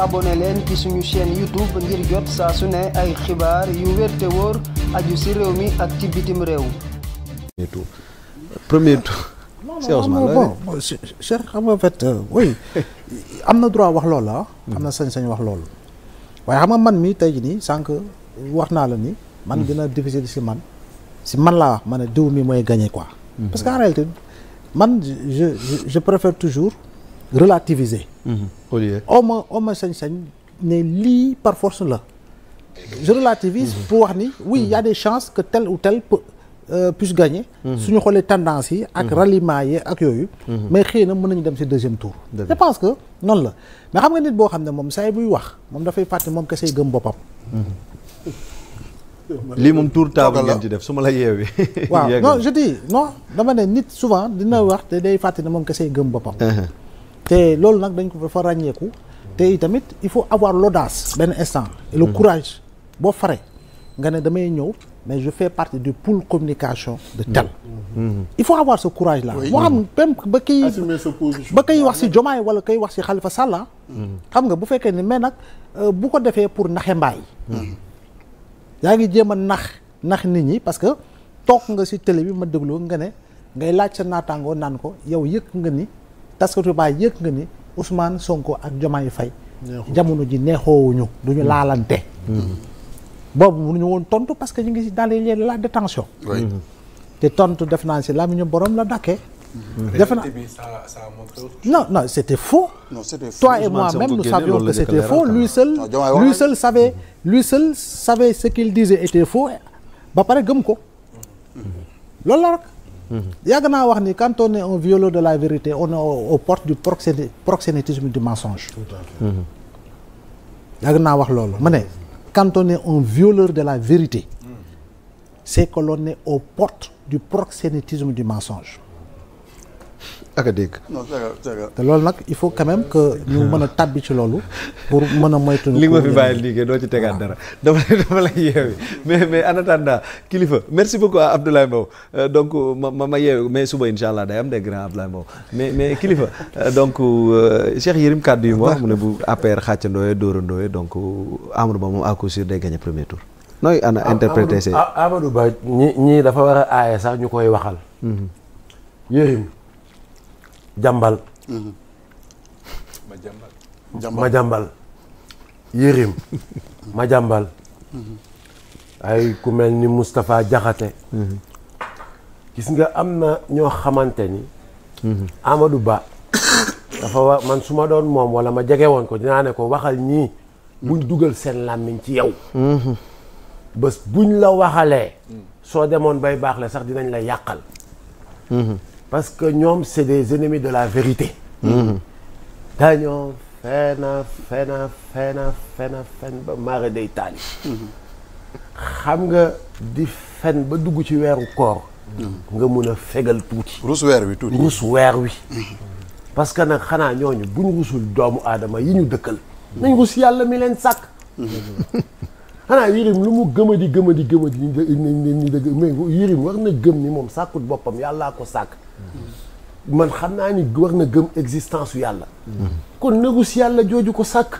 abonné leen ci suñu chaîne YouTube ngir jot saa su ne ay xibaar yu wér te wóor aju si réew mi ak ci bitim réew. premier tour. sérieusement bon Cheikh xam nga euh, am na droit wax loolu ah. Hmm. am na sañ-sañ wax loolu. waaye xam nga man mi tey jii nii sànq wax naa la ni. man hmm. gën a difficile si man. si man laa wax ma ne diw mi mooy gagné quoi. Hmm. parce que en réalité man je je je préfère toujours relativiser. oo ma oo ma sañ-sañ ne lii par force la je relativise mhm. pour wax ni wuy y a mhm. des chances que tel ou tel peut Euh, puisse gagner mhm. suñu xoolee tendance yi ak ralliement yi ak yooyu mais xëy na mën nañu dem si deuxième tour je pense que noonu la mais xam nga nit boo xam ne moom saa yi buy wax moom dafay fàtte moom kese gëm boppam lii moom tour table ngeen ci def su ma la yeewee waaw non je dis non dama ne nit souvent dina wax te day fàtte ni moom kese gëm boppam uh-huh. te loolu nag dañ ko fa ràññeeku te itamit il faut avoir l'audace benn instant et le mm-hmm. courage boo faree nga ne damay ñëw mais je fais partie du pour communication de tel mm-hmm. Mm-hmm. il faut avoir sa courage là moo xam même ba kay ba kay wax si Jomaay wala kay wax si Khalifa Sall ah. xam nga bu fekkee ni mais nag euh, bu ko defee pour naxe mbaay yaa ngi jéem a nax nax nit ñi parce que toog nga si télé bi ma déglu nga ne ngay laaj sa naataangoo naan ko yow yëg nga ni taskatu baay yëg nga ni Ousmane Sonko ak Diomaye fay jamono ji neexoowuñu du ñu mm. laalante mm-hmm. boobu mënuñu woon tontu parce que ñu ngi dans les la détention te tontu def naa si làmmiñu borom la dakkee mm-hmm. defe naa non non c'était faux non c'était faux toi et moi même nous savions que c'était faux lui seul ah, lui seul savait lui seul savait ce qu'il et était faux ba pare gëm ko mm-hmm. loolu la rek yàgg naa wax ni quand on est un violeur de la vérité on est aux portes du proxénétisme du mensonge mhm. yàgg naa wax loolu ma ne quand un violeur de la vérité mm. c'est que l'on est du proxénétisme du mensonge ak a dégg. te loolu nag il faut que même que ñu mën a tàbbi ci loolu pour mën a moytu. li nga fi liggéey doo ci tegaat dara dama lay yeewi mais mais en attendant kilifa merci beaucoup Abdoulaye Mbow euh, donc ma ma yeewi mais suba incha allah day am des grands Abdoulaye Mbow mais mais kilifa euh, donc euh, Cheikh Yérim kàddu yi mu wax mu ne bu APR xàccandooyee dóorandooyee donc Amadou Ba moom à coup sûr day gagné premier tour. nooy ana ah, interprété Amadou Ba ñi ñii dafa war a aaye sax koy waxal. Mhm. jàmbal ma jàmbal ma jàmbal yërim ma jàmbal ay ku mel ni Moustapha jaxate gis nga am na ñoo xamante ni Amadou Ba dafa man su ma doon moom wala ma jege woon ko dinaa ne ko waxal ñii buñ dugal seen làmmiñ ci yow bés buñ la waxalee soo demoon bay baax le sax dinañ la yàqal parce que ñoom c'est des ennemis de la vérité mm-hmm. dañoo fena fena fena fena fen ba mara day taali mm-hmm. xam nga di fen ba dugg ci weeru koor mm-hmm. nga mun a fegal tuuti rus weer wi tuuti rus weer wi parce que nag xanaa ñooñu buñ rusul doomu aadama yi ñu dëkkal nañ rus yàlla mi leen sàkk xanaa Yérim lu mu gëma di gëma di gëma di ni dëgg mais Yérim war na gëm ni moom sàkkut boppam yàllaa ko sàkk man xam naa ni war na gëm existence yu yàlla kon nagus yàlla jooju ko sàkk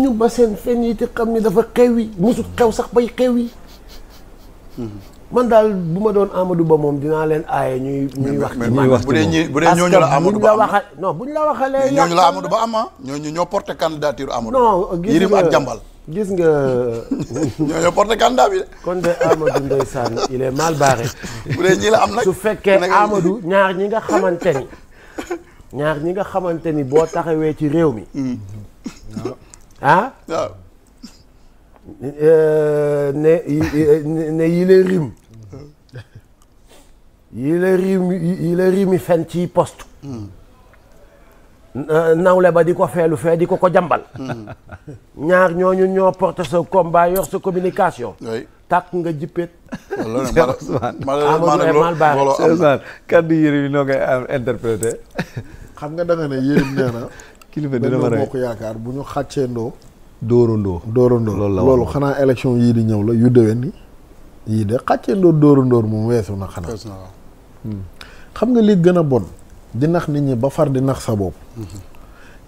ñu ba seen fen yi te xam ni dafa xew yi mosul xew sax bay xew yi man daal bu ma doon Amadou Ba moom dinaa leen aaye ñuy ñuy wax ci man bu dee ñi bu dee ñooñu la Amadou Ba am non buñ la waxalee ñooñu la Amadou Ba am ah. ñooñu ñoo porté candidature Amadou non Yérim ak Jambal gis nga. ñooñoo porté candidat bi de. kon de Amadou ndeysaan il est mal barré. bu dee nag su fekkee Amadou ñaar ñi nga xamante ni. ñaar ñi nga xamante ni boo taxawee ci réew mi. Mm. Ah? Eh, ne ne yi la rim. Mm. yi la rim fen ci poste. Mm. nawle ba di ko feelu fee di ko ko jàmbal mm-hmm. ñaar ñooñu ñoo porté sa combat yor sa communication tàkk nga jippeet Amadou mal baax kaddu yërim yi noo koy nga da nga na yaakaar bu ñu xàccee ndoo dóorandoo dóorandoo loolu xanaa élection yii di ñëw la yu déwén ni yii de xàccee ndóor dóorandóor moom weesu na xanaa hmm. xam nga li gën a bon dinax nit ñi ba far di nax sa bopp.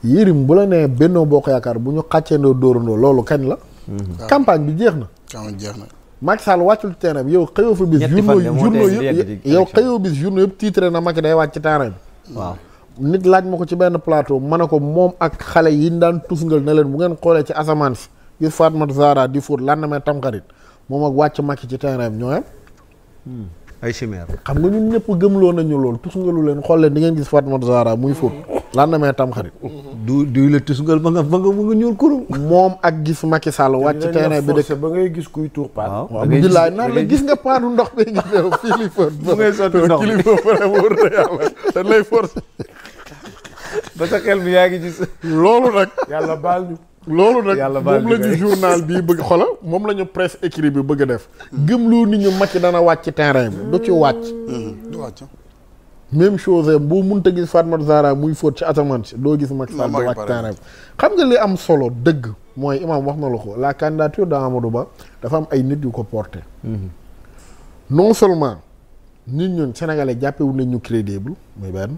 Yérim bu la nee Benno Bokk Yaakaar bu ñu xàccee xàcceendoo dóorandoo loolu kañ la. Mhm. campagne bi jeex na. campagne jeex na. Macky Sall wàccul ci terrain bi yow xëyoo fa bis. journaux yëpp yow xëyoo bis na Macky day wàcc ci terrain waaw nit laaj ma ko ci benn plateau ma ne ko moom ak xale yi ñu daan tusngal ne leen bu ngeen xoolee ci asamaan si gis Fatma Zahra di fóot lan na may tamxarit moom ak wàcc Macky ci terrain bi ñoo yem hmm. ay chimère xam nga ñun ñëpp gëmloo nañu lool tusngalu leen xool leen di ngeen gis Fatma Zahra muy fóot lan na mee tam du du la tusngal ba nga ba nga nga ñuul kurum moom ak gis Macky Sall wàcc terrain bi dëkk ba ngay gis kuy xel mi yaa ngi gis loolu nag yàlla baal ñu loolu nag moom la ñu journal bi bëgg xola moom la ñu presse écrit bi bëgg a def loo nit ñu ci dana wàcc terrain bi du ci wàcc mm-hmm. du wàcc même chose boo munta gis Fatma Zahra muy fóot ci asamaan si doo gis Macky Sall du wàcc terrain bi xam nga li am solo dëgg mooy imaam wax na la ko la candidature d'Amadou Ba dafa am ay nit yu ko porté mm-hmm. non seulement nit ñun sénégalais jàppewuñ leen ñu crédible muy benn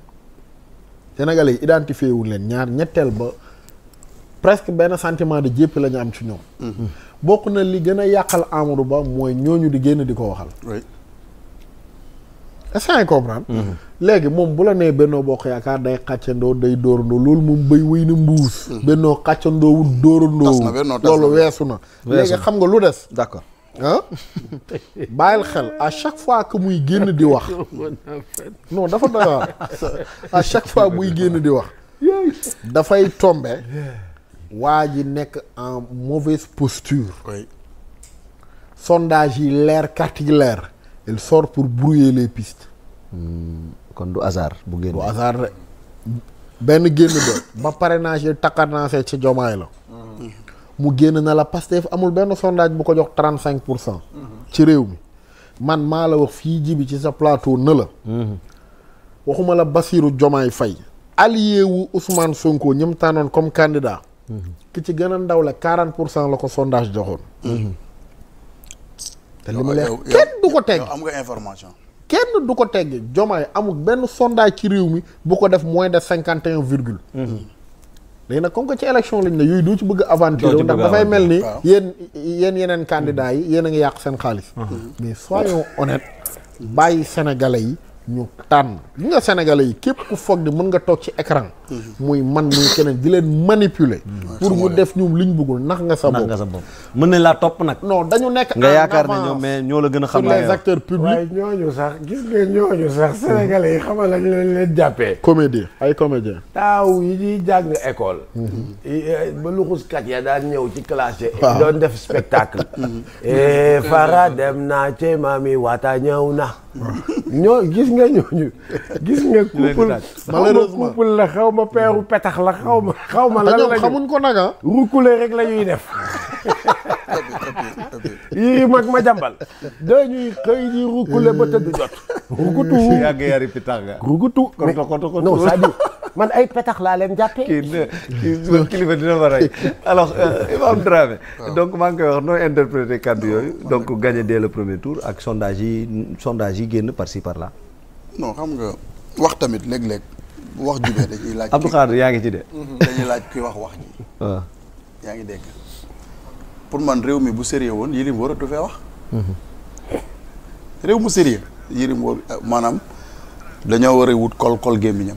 sénégalais identifié wuñ leen ñaar ñetteel ba presque benn sentiment de jéppi la ñu am ci ñoom. bokk na li gën a yàqal Amadou Ba mooy ñu di génn di ko waxal. est-ce que mm-hmm. léegi moom bu la nee bennoo bokk yaakaar day xàccandoo day dóorandoo loolu moom béy wéy na mbuus. Mm-hmm. bennoo xàccandoo dóorandoo. loolu weesu na. léegi xam nga lu des. d'accord ah bàyyil xel à chaque fois que muy génn di wax. non dafa doy à chaque fois buy génn di wax. dafay tombe waa ji nekk en mauvaise posture. oui yi leer carte yi leer. il sort pour brouiller les pistes. Hmm, kon du hasard bu génn. du hasard rek benn génn ba. ba parrainage yi takkarnaasee ci jomaay la. mu génn na la Pastef amul benn sondage bu ko jox trente cinq pour cent. ci réew mi man maa la wax fii ji bi ci sa plateau ne la. Hmm. waxuma la Bassirou Diomaye Faye. allié wu Ousmane Sonko ñim tànnoon comme candidat. ki ci gën a ndaw la 40 pour cent la ko sondage joxoon. te li ma leen kenn du ko tegg am nga information. kenn du ko tegg jomaay amul benn sondage ci réew mi bu ko def moins de 51 virgule. léegi nag comme que ci élection lañ ne yooyu doo ci bëgg aventure ndax dafay mel ni yéen yéen yeneen candidats yi yéen a ngi yàq seen xaalis mais soyons honnêtes bàyyi sénégalais yi ñu tànn li nga sénégalais yi képp ku foog di mën nga toog ci écran mhm. muy man muy keneen di leen manipuler mhm. pour mu def ñoom li ñu bëggul nax nga sa bopp sa bopp mën nañ laa topp nag non dañu nekk nga yaakaar ne ñoom mais ñoo la gën a xam sur les acteurs publics waaye ñooñu sax gis nga ñooñu sax mhm. sénégalais yi xamal lañ leen leen jàppee comédien ay comédien taaw yi ñuy jàng école eh, ba luxuskat ya daan ñëw ci classe doon def spectacle e eh, fara dem naa ci maami waata ñëw na ñoo gis nga ñooñu gis nga couple malheureusement couple la xaw ma peeru petax la xaw ma xaw ma lan lañu xamuñ ko naga ah. rukkule rek lañuy def yii mag ma jàmbal dañuy xëy di rukkule ba tëdd jot rukutu yàgg yari pitax nga rukutu non cest à man ay petax laa leen jàppee. kii kii kilifa dina ma rey alors euh, Imam Dramé. donc maa ngi koy wax nooy interpréter kàddu yooyu. donc gagné dès le premier tour ak sondage yi sondage yi génn par ci par là. non xam nga wax tamit léeg-léeg bu wax jubee dañuy laaj. Abdou Khadre yaa ngi ci de. Mhm, dañuy laaj kuy wax wax ji. waaw ah. yaa ngi dégg pour man réew mi bu sérieux woon Yérim Wóor du fee wax. Mhm. réew mu sérieux Yérim Wóor maanaam dañoo war a wut kol kol gémmiñam